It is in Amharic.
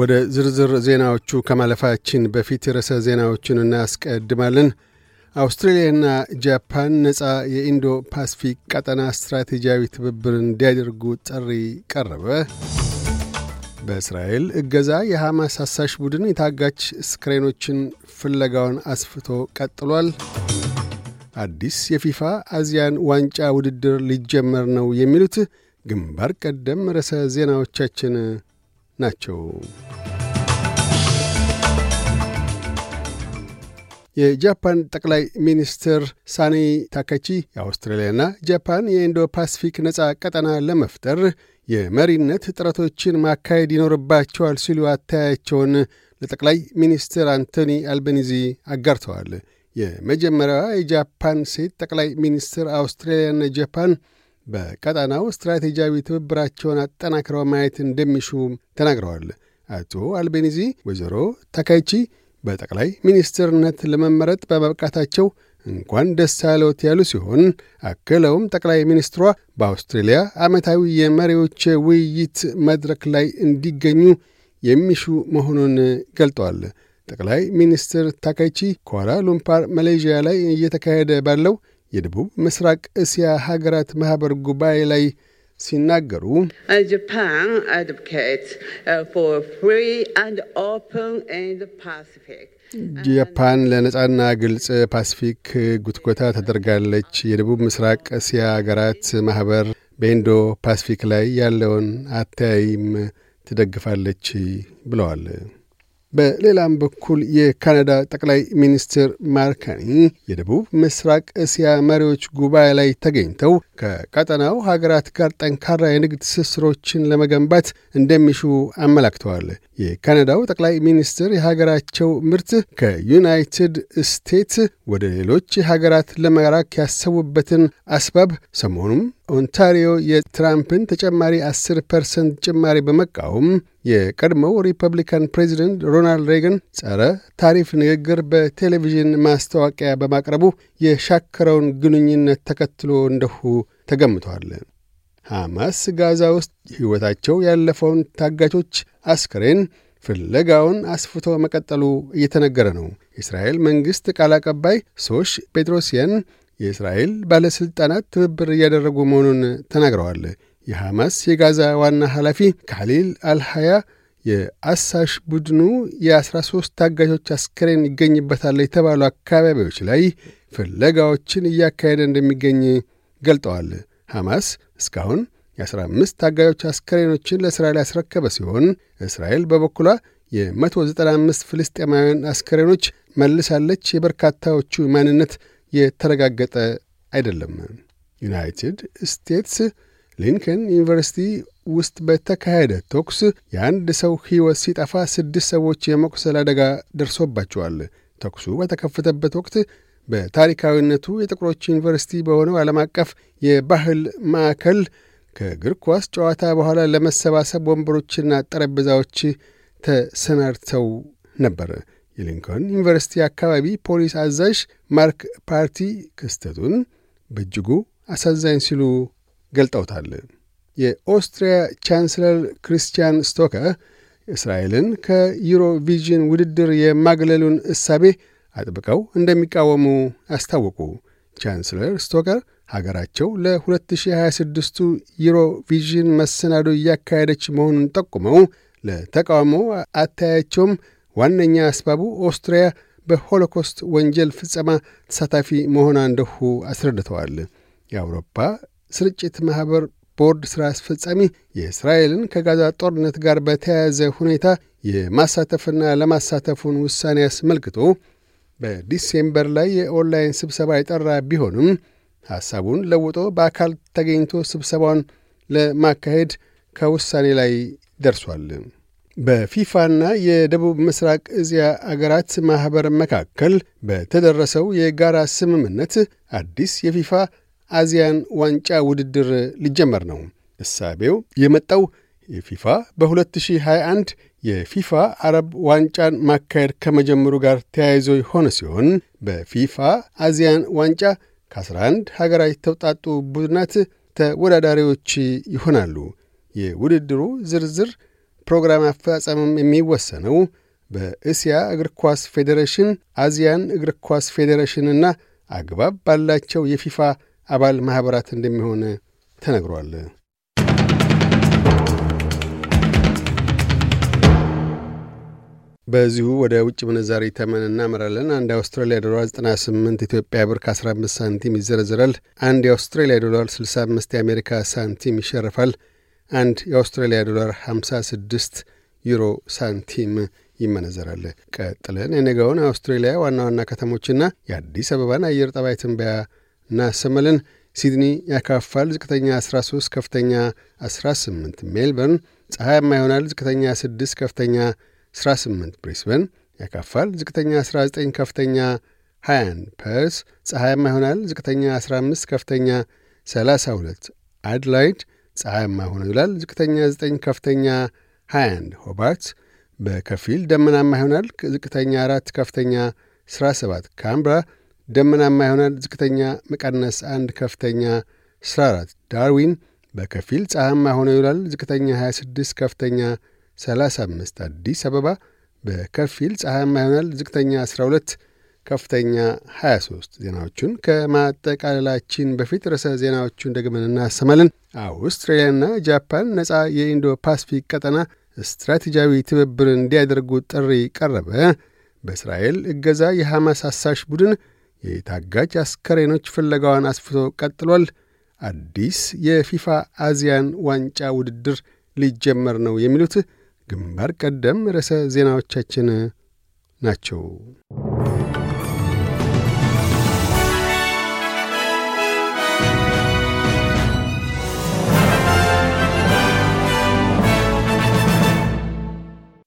ወደ ዝርዝር ዜናዎቹ ከማለፋችን በፊት ርዕሰ ዜናዎቹን እናስቀድማለን። አውስትሬልያና ጃፓን ነፃ የኢንዶ ፓስፊክ ቀጠና ስትራቴጂያዊ ትብብር እንዲያደርጉ ጥሪ ቀረበ። በእስራኤል እገዛ የሐማስ አሳሽ ቡድን የታጋች ስክሬኖችን ፍለጋውን አስፍቶ ቀጥሏል። አዲስ የፊፋ አዚያን ዋንጫ ውድድር ሊጀመር ነው። የሚሉት ግንባር ቀደም ርዕሰ ዜናዎቻችን ናቸው። የጃፓን ጠቅላይ ሚኒስትር ሳኒ ታካቺ የአውስትራሊያና ጃፓን የኢንዶ ፓስፊክ ነጻ ቀጠና ለመፍጠር የመሪነት ጥረቶችን ማካሄድ ይኖርባቸዋል ሲሉ አታያቸውን ለጠቅላይ ሚኒስትር አንቶኒ አልበኒዚ አጋርተዋል። የመጀመሪያዋ የጃፓን ሴት ጠቅላይ ሚኒስትር አውስትራሊያና ጃፓን በቀጠናው ስትራቴጂያዊ ትብብራቸውን አጠናክረው ማየት እንደሚሹም ተናግረዋል። አቶ አልቤኒዚ ወይዘሮ ታካይቺ በጠቅላይ ሚኒስትርነት ለመመረጥ በመብቃታቸው እንኳን ደስ አለዎት ያሉ ሲሆን አክለውም ጠቅላይ ሚኒስትሯ በአውስትሬልያ ዓመታዊ የመሪዎች ውይይት መድረክ ላይ እንዲገኙ የሚሹ መሆኑን ገልጠዋል። ጠቅላይ ሚኒስትር ታካይቺ ኳላ ሉምፓር ማሌዥያ ላይ እየተካሄደ ባለው የደቡብ ምስራቅ እስያ ሀገራት ማኅበር ጉባኤ ላይ ሲናገሩ uh, uh, uh, ጃፓን ለነጻና ግልጽ ፓስፊክ ጉትጎታ ተደርጋለች። የደቡብ ምስራቅ እስያ ሀገራት ማኅበር በኢንዶ ፓስፊክ ላይ ያለውን አተያይም ትደግፋለች ብለዋል። በሌላም በኩል የካናዳ ጠቅላይ ሚኒስትር ማርካኒ የደቡብ ምስራቅ እስያ መሪዎች ጉባኤ ላይ ተገኝተው ከቀጠናው ሀገራት ጋር ጠንካራ የንግድ ትስስሮችን ለመገንባት እንደሚሹ አመላክተዋል። የካናዳው ጠቅላይ ሚኒስትር የሀገራቸው ምርት ከዩናይትድ ስቴትስ ወደ ሌሎች ሀገራት ለመራክ ያሰቡበትን አስባብ ሰሞኑም ኦንታሪዮ የትራምፕን ተጨማሪ 10 ፐርሰንት ጭማሪ በመቃወም የቀድሞው ሪፐብሊካን ፕሬዚደንት ሮናልድ ሬገን ጸረ ታሪፍ ንግግር በቴሌቪዥን ማስታወቂያ በማቅረቡ የሻከረውን ግንኙነት ተከትሎ እንደሁ ተገምቷል። ሐማስ ጋዛ ውስጥ ሕይወታቸው ያለፈውን ታጋቾች አስክሬን ፍለጋውን አስፍቶ መቀጠሉ እየተነገረ ነው። የእስራኤል መንግሥት ቃል አቀባይ ሶሽ ጴጥሮስያን የእስራኤል ባለሥልጣናት ትብብር እያደረጉ መሆኑን ተናግረዋል። የሐማስ የጋዛ ዋና ኃላፊ ካሊል አልሃያ የአሳሽ ቡድኑ የ13 ታጋቾች አስከሬን ይገኝበታል የተባሉ አካባቢዎች ላይ ፍለጋዎችን እያካሄደ እንደሚገኝ ገልጠዋል። ሐማስ እስካሁን የ15 ታጋቾች አስከሬኖችን ለእስራኤል ያስረከበ ሲሆን እስራኤል በበኩሏ የ195 ፍልስጤማውያን አስከሬኖች መልሳለች። የበርካታዎቹ ማንነት የተረጋገጠ አይደለም። ዩናይትድ ስቴትስ ሊንከን ዩኒቨርሲቲ ውስጥ በተካሄደ ተኩስ የአንድ ሰው ሕይወት ሲጠፋ ስድስት ሰዎች የመቁሰል አደጋ ደርሶባቸዋል። ተኩሱ በተከፈተበት ወቅት በታሪካዊነቱ የጥቁሮች ዩኒቨርሲቲ በሆነው ዓለም አቀፍ የባህል ማዕከል ከእግር ኳስ ጨዋታ በኋላ ለመሰባሰብ ወንበሮችና ጠረጴዛዎች ተሰናድተው ነበር። የሊንከን ዩኒቨርሲቲ አካባቢ ፖሊስ አዛዥ ማርክ ፓርቲ ክስተቱን በእጅጉ አሳዛኝ ሲሉ ገልጠውታል። የኦስትሪያ ቻንስለር ክሪስቲያን ስቶከር እስራኤልን ከዩሮቪዥን ውድድር የማግለሉን እሳቤ አጥብቀው እንደሚቃወሙ አስታወቁ። ቻንስለር ስቶከር ሀገራቸው ለ2026ቱ ዩሮቪዥን መሰናዶ እያካሄደች መሆኑን ጠቁመው ለተቃውሞ አታያቸውም ዋነኛ አስባቡ ኦስትሪያ በሆሎኮስት ወንጀል ፍጸማ ተሳታፊ መሆኗ እንደሁ አስረድተዋል። የአውሮፓ ስርጭት ማኅበር ቦርድ ሥራ አስፈጻሚ የእስራኤልን ከጋዛ ጦርነት ጋር በተያያዘ ሁኔታ የማሳተፍና ለማሳተፉን ውሳኔ አስመልክቶ በዲሴምበር ላይ የኦንላይን ስብሰባ የጠራ ቢሆንም ሐሳቡን ለውጦ በአካል ተገኝቶ ስብሰባውን ለማካሄድ ከውሳኔ ላይ ደርሷል። በፊፋና የደቡብ ምስራቅ እዚያ አገራት ማኅበር መካከል በተደረሰው የጋራ ስምምነት አዲስ የፊፋ አዚያን ዋንጫ ውድድር ሊጀመር ነው። እሳቤው የመጣው የፊፋ በ2021 የፊፋ አረብ ዋንጫን ማካሄድ ከመጀመሩ ጋር ተያይዞ የሆነ ሲሆን በፊፋ አዚያን ዋንጫ ከ11 ሀገራት የተውጣጡ ቡድናት ተወዳዳሪዎች ይሆናሉ። የውድድሩ ዝርዝር ፕሮግራም አፈጻጸምም የሚወሰነው በእስያ እግር ኳስ ፌዴሬሽን፣ አዚያን እግር ኳስ ፌዴሬሽንና አግባብ ባላቸው የፊፋ አባል ማኅበራት እንደሚሆን ተነግሯል። በዚሁ ወደ ውጭ ምንዛሪ ተመን እናመራለን። አንድ የአውስትራሊያ ዶላር 98 ኢትዮጵያ ብር ከ15 ሳንቲም ይዘረዝራል። አንድ የአውስትራሊያ ዶላር 65 የአሜሪካ ሳንቲም ይሸርፋል። አንድ የአውስትራሊያ ዶላር 56 ዩሮ ሳንቲም ይመነዘራል። ቀጥለን የነገውን የአውስትሬሊያ ዋና ዋና ከተሞችና የአዲስ አበባን አየር ጠባይ ትንበያ እናሰመልን። ሲድኒ ያካፋል፣ ዝቅተኛ 13፣ ከፍተኛ 18። ሜልበርን ፀሐያማ ይሆናል፣ ዝቅተኛ 6፣ ከፍተኛ 18። ብሪስበን ያካፋል፣ ዝቅተኛ 19፣ ከፍተኛ 21። ፐርስ ፀሐያማ ይሆናል፣ ዝቅተኛ 15፣ ከፍተኛ 32። አድላይድ ፀሐያማ ሆኖ ይውላል። ዝቅተኛ 9፣ ከፍተኛ 21። ሆባርት በከፊል ደመናማ ይሆናል። ዝቅተኛ 4፣ ከፍተኛ 17። ካምብራ ደመናማ ይሆናል። ዝቅተኛ መቀነስ 1፣ ከፍተኛ 14። ዳርዊን በከፊል ፀሐያማ ሆኖ ይውላል። ዝቅተኛ 26፣ ከፍተኛ 35። አዲስ አበባ በከፊል ፀሐያማ ይሆናል። ዝቅተኛ 12 ከፍተኛ 23። ዜናዎቹን ከማጠቃለላችን በፊት ርዕሰ ዜናዎቹን ደግመን እናሰማለን። አውስትራሊያና ጃፓን ነፃ የኢንዶ ፓስፊክ ቀጠና ስትራቴጂያዊ ትብብር እንዲያደርጉ ጥሪ ቀረበ። በእስራኤል እገዛ የሐማስ አሳሽ ቡድን የታጋጅ አስከሬኖች ፍለጋዋን አስፍቶ ቀጥሏል። አዲስ የፊፋ አዚያን ዋንጫ ውድድር ሊጀመር ነው የሚሉት ግንባር ቀደም ርዕሰ ዜናዎቻችን ናቸው።